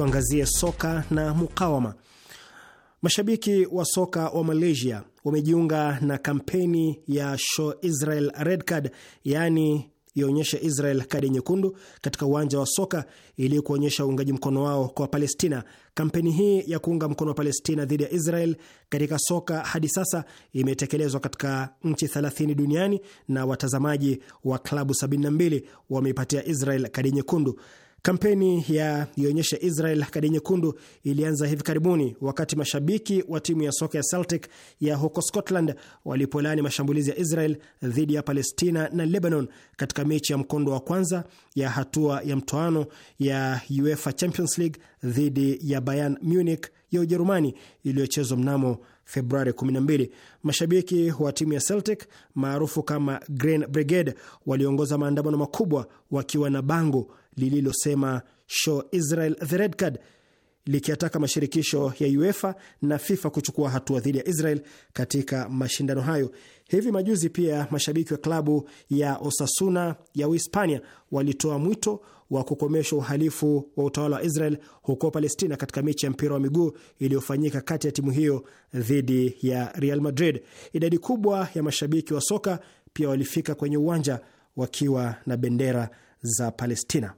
tuangazie soka na mukawama. Mashabiki wa soka wa Malaysia wamejiunga na kampeni ya Show Israel Red Card, yaani ionyeshe Israel kadi nyekundu katika uwanja wa soka ili kuonyesha uungaji mkono wao kwa Palestina. Kampeni hii ya kuunga mkono wa Palestina dhidi ya Israel katika soka hadi sasa imetekelezwa katika nchi 30 duniani na watazamaji wa klabu 72 wameipatia Israel kadi nyekundu. Kampeni ya ionyesha Israel kadi nyekundu ilianza hivi karibuni wakati mashabiki wa timu ya soka ya Celtic ya huko Scotland walipolani mashambulizi ya Israel dhidi ya Palestina na Lebanon katika mechi ya mkondo wa kwanza ya hatua ya mtoano ya UEFA Champions League dhidi ya Bayern Munich ya Ujerumani iliyochezwa mnamo Februari 12. Mashabiki wa timu ya Celtic maarufu kama Green Brigade waliongoza maandamano makubwa wakiwa na bango lililosema show Israel the red card, likiataka mashirikisho ya UEFA na FIFA kuchukua hatua dhidi ya Israel katika mashindano hayo. Hivi majuzi pia mashabiki wa klabu ya Osasuna ya Uhispania walitoa mwito wa kukomesha uhalifu wa utawala wa Israel huko Palestina katika mechi ya mpira wa miguu iliyofanyika kati ya timu hiyo dhidi ya Real Madrid. Idadi kubwa ya mashabiki wa soka pia walifika kwenye uwanja wakiwa na bendera za Palestina.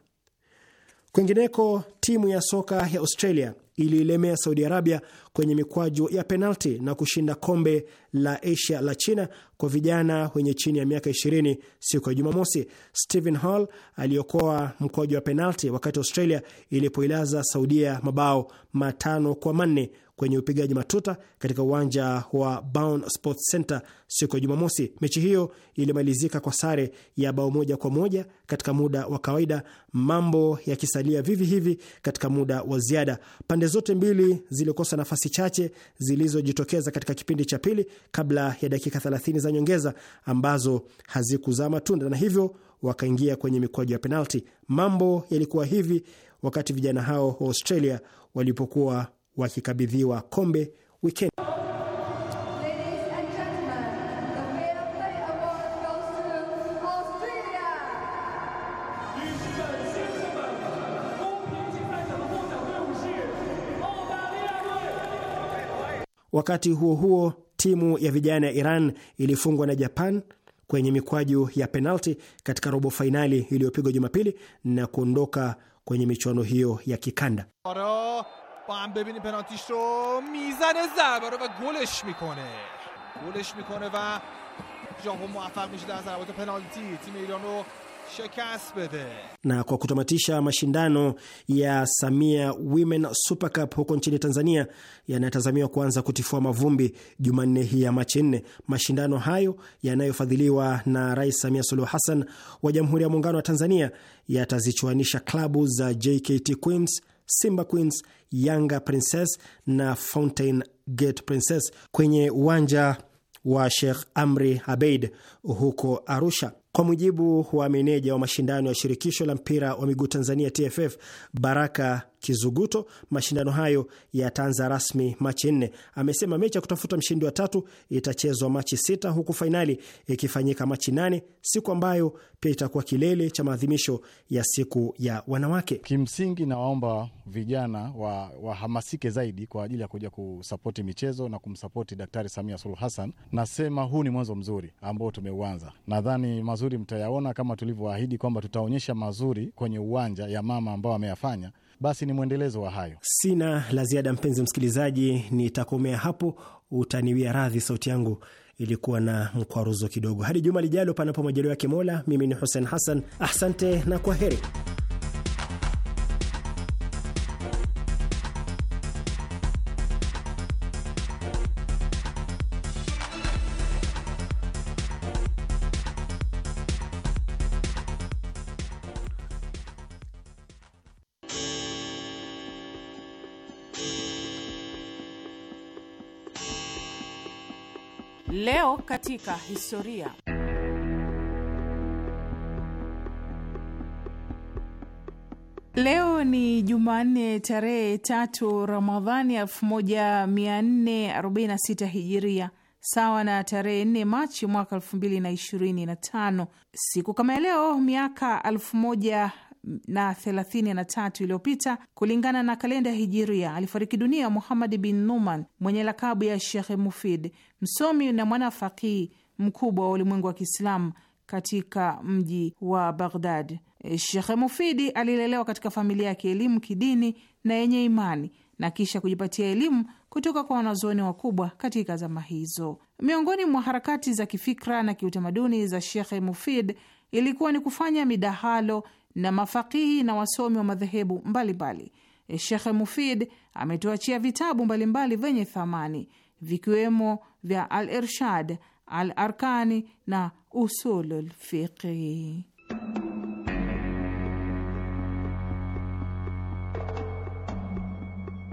Kwingineko, timu ya soka ya Australia iliilemea Saudi Arabia kwenye mikwaju ya penalti na kushinda kombe la Asia la China kwa vijana wenye chini ya miaka 20 siku ya Jumamosi. Stephen Hall aliokoa mkwaju wa penalti wakati Australia ilipoilaza Saudia mabao matano kwa manne kwenye upigaji matuta katika uwanja wa Bound Sports Center siku ya Jumamosi. Mechi hiyo ilimalizika kwa sare ya bao moja kwa moja katika muda wa kawaida, mambo yakisalia vivi hivi katika muda wa ziada. Pande zote mbili zilikosa nafasi chache zilizojitokeza katika kipindi cha pili kabla ya dakika 30 za nyongeza ambazo hazikuzaa matunda na hivyo wakaingia kwenye mikwaju ya penalti. Mambo yalikuwa hivi wakati vijana hao wa Australia walipokuwa wakikabidhiwa kombe wikendi. Wakati huo huo, timu ya vijana ya Iran ilifungwa na Japan kwenye mikwaju ya penalti katika robo fainali iliyopigwa Jumapili na kuondoka kwenye michuano hiyo ya kikanda Oro. هم ببینیم پنالتیش رو میزنه ضربه و گلش میکنه گلش میکنه و ژاپن موفق میشه در ضربات پنالتی تیم ایران رو شکست بده. Na kwa kutamatisha mashindano ya Samia Women Super Cup huko nchini Tanzania yanatazamiwa kuanza kutifua mavumbi Jumanne hii ya Machi nne. Mashindano hayo yanayofadhiliwa na Rais Samia Suluhu Hassan wa Jamhuri ya Muungano wa Tanzania yatazichuanisha klabu za JKT Queens, Simba Queens Yanga Princess na Fountain Gate Princess kwenye uwanja wa Sheikh Amri Abeid huko Arusha. Kwa mujibu wa meneja wa mashindano ya shirikisho la mpira wa miguu Tanzania TFF Baraka Kizuguto, mashindano hayo yataanza rasmi Machi nne. Amesema mechi ya kutafuta mshindi wa tatu itachezwa Machi sita, huku fainali ikifanyika Machi nane, siku ambayo pia itakuwa kilele cha maadhimisho ya siku ya wanawake. Kimsingi nawaomba vijana wahamasike wa zaidi kwa ajili ya kuja kusapoti michezo na kumsapoti Daktari Samia Suluhu Hassan. Nasema huu ni mwanzo mzuri ambao tumeuanza, nadhani mazuri mtayaona, kama tulivyoahidi kwamba tutaonyesha mazuri kwenye uwanja ya mama ambao ameyafanya, basi ni mwendelezo wa hayo. Sina la ziada, mpenzi msikilizaji, nitakomea hapo. Utaniwia radhi, sauti yangu ilikuwa na mkwaruzo kidogo. Hadi juma lijalo, panapo majaliwa ya Kimola, mimi ni Hussein Hassan, asante na kwa heri. Katika historia Leo ni Jumanne tarehe tatu Ramadhani 1446 hijiria sawa na tarehe nne Machi mwaka 2025. Siku kama ya leo miaka 1000 na thelathini na tatu iliyopita kulingana na kalenda ya Hijiria, alifariki dunia Muhamad bin Numan mwenye lakabu ya Shekh Mufid, msomi na mwanafakihi mkubwa wa ulimwengu wa Kiislamu katika mji wa Baghdad. Shekhe Mufidi alilelewa katika familia ya kielimu, kidini na yenye imani na kisha kujipatia elimu kutoka kwa wanazuoni wakubwa katika zama hizo. Miongoni mwa harakati za kifikra na kiutamaduni za Shekhe Mufid ilikuwa ni kufanya midahalo na mafakihi na wasomi wa madhehebu mbalimbali. E, Shekhe Mufid ametuachia vitabu mbalimbali vyenye thamani vikiwemo vya Al Irshad, Al Arkani na Usulul Fiqhi.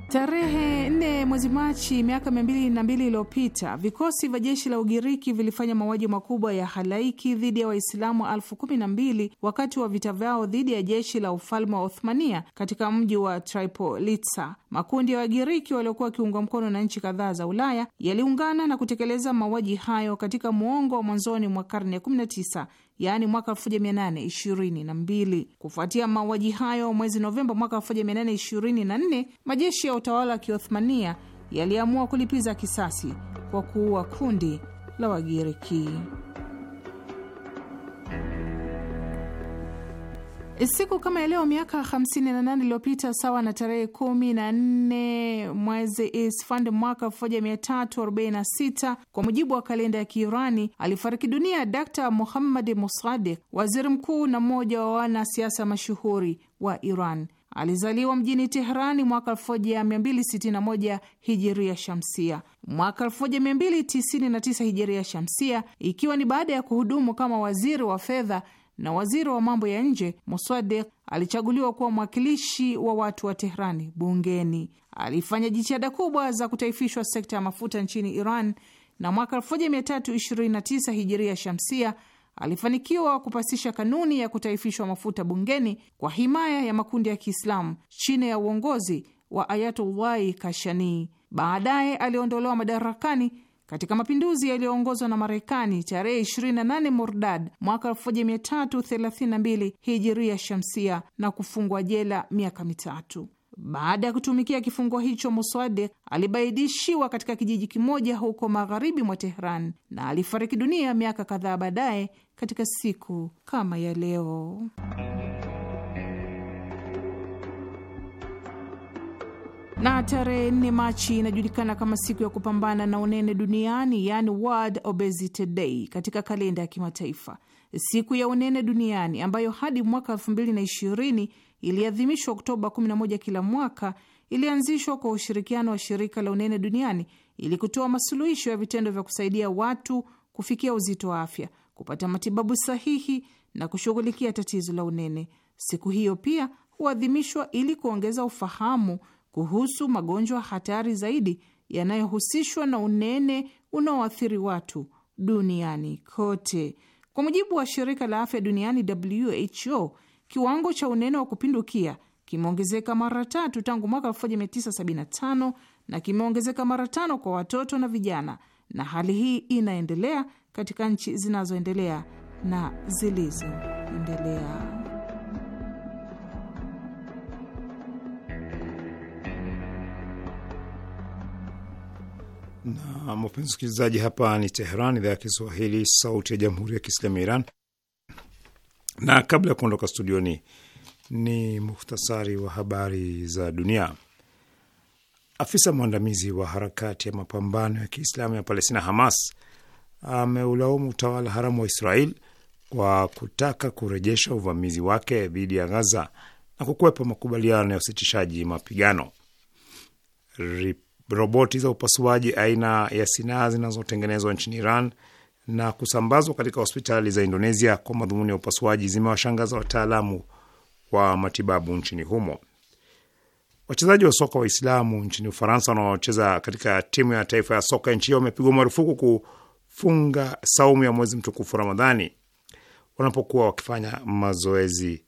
Tarehe nne mwezi Machi miaka mia mbili na mbili iliyopita vikosi vya jeshi la Ugiriki vilifanya mauaji makubwa ya halaiki dhidi ya Waislamu elfu kumi na mbili wakati wa vita vyao dhidi ya jeshi la ufalme wa Othmania katika mji wa Tripolitsa. Makundi ya wa Wagiriki waliokuwa wakiungwa mkono na nchi kadhaa za Ulaya yaliungana na kutekeleza mauaji hayo katika muongo wa mwanzoni mwa karne ya 19 yaani mwaka 1822. Kufuatia mauaji hayo, mwezi Novemba mwaka 1824, majeshi ya utawala wa Kiothmania yaliamua kulipiza kisasi kwa kuua kundi la Wagiriki. Siku kama leo miaka 58 iliyopita, sawa na tarehe 14 mwezi Isfand mwaka 1346 kwa mujibu wa kalenda ya Kiirani, alifariki dunia Dr Muhammad musadiq waziri mkuu na mmoja wa wanasiasa mashuhuri wa Iran. Alizaliwa mjini Teherani mwaka 1261 hijiria shamsia. Mwaka 1299 hijiria shamsia, ikiwa ni baada ya kuhudumu kama waziri wa fedha na waziri wa mambo ya nje Moswade alichaguliwa kuwa mwakilishi wa watu wa Tehrani bungeni. Alifanya jitihada kubwa za kutaifishwa sekta ya mafuta nchini Iran na mwaka 1329 hijiria shamsia alifanikiwa kupasisha kanuni ya kutaifishwa mafuta bungeni kwa himaya ya makundi ya Kiislamu chini ya uongozi wa Ayatullahi Kashani. Baadaye aliondolewa madarakani katika mapinduzi yaliyoongozwa na Marekani tarehe 28 Mordad mwaka 1332 hijiria shamsia na kufungwa jela miaka mitatu. Baada ya kutumikia kifungo hicho, Muswadik alibaidishiwa katika kijiji kimoja huko magharibi mwa Tehran na alifariki dunia miaka kadhaa baadaye katika siku kama ya leo. Na tarehe 4 Machi inajulikana kama siku ya kupambana na unene duniani, yani World Obesity Day katika kalenda ya kimataifa. Siku ya unene duniani ambayo hadi mwaka 2020 iliadhimishwa Oktoba 11 kila mwaka, ilianzishwa kwa ushirikiano wa shirika la unene duniani ili kutoa masuluhisho ya vitendo vya kusaidia watu kufikia uzito wa afya, kupata matibabu sahihi na kushughulikia tatizo la unene. Siku hiyo pia huadhimishwa ili kuongeza ufahamu kuhusu magonjwa hatari zaidi yanayohusishwa na unene unaoathiri watu duniani kote. Kwa mujibu wa shirika la afya duniani WHO, kiwango cha unene wa kupindukia kimeongezeka mara tatu tangu mwaka 1975 na kimeongezeka mara tano kwa watoto na vijana, na hali hii inaendelea katika nchi zinazoendelea na zilizoendelea. Na mpenzi msikilizaji, hapa ni teheran idhaa ya Kiswahili, sauti ya jamhuri ya kiislamu ya Iran. Na kabla ya kuondoka studioni, ni muhtasari wa habari za dunia. Afisa mwandamizi wa harakati ya mapambano ya kiislamu ya Palestina, Hamas, ameulaumu utawala haramu wa Israel kwa kutaka kurejesha uvamizi wake dhidi ya Gaza na kukwepa makubaliano ya usitishaji mapigano Rip roboti za upasuaji aina ya sinaa zinazotengenezwa nchini Iran na kusambazwa katika hospitali za Indonesia kwa madhumuni ya upasuaji zimewashangaza wataalamu wa matibabu nchini humo. Wachezaji wa soka Waislamu nchini Ufaransa wanaocheza katika timu ya taifa ya soka nchi hiyo wamepigwa marufuku kufunga saumu ya mwezi mtukufu Ramadhani wanapokuwa wakifanya mazoezi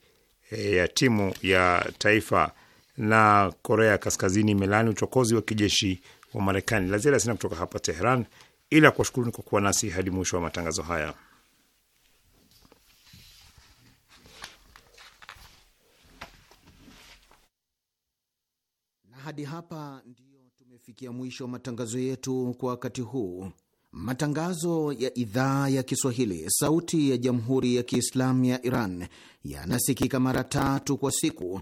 eh, ya timu ya taifa na Korea Kaskazini imelaani uchokozi wa kijeshi wa Marekani. La ziada sina kutoka hapa Teheran, ila kuwashukuruni kwa kuwa nasi hadi mwisho wa matangazo haya. Na hadi hapa ndiyo tumefikia mwisho wa matangazo yetu kwa wakati huu. Matangazo ya idhaa ya Kiswahili, sauti ya jamhuri ya kiislamu ya Iran yanasikika mara tatu kwa siku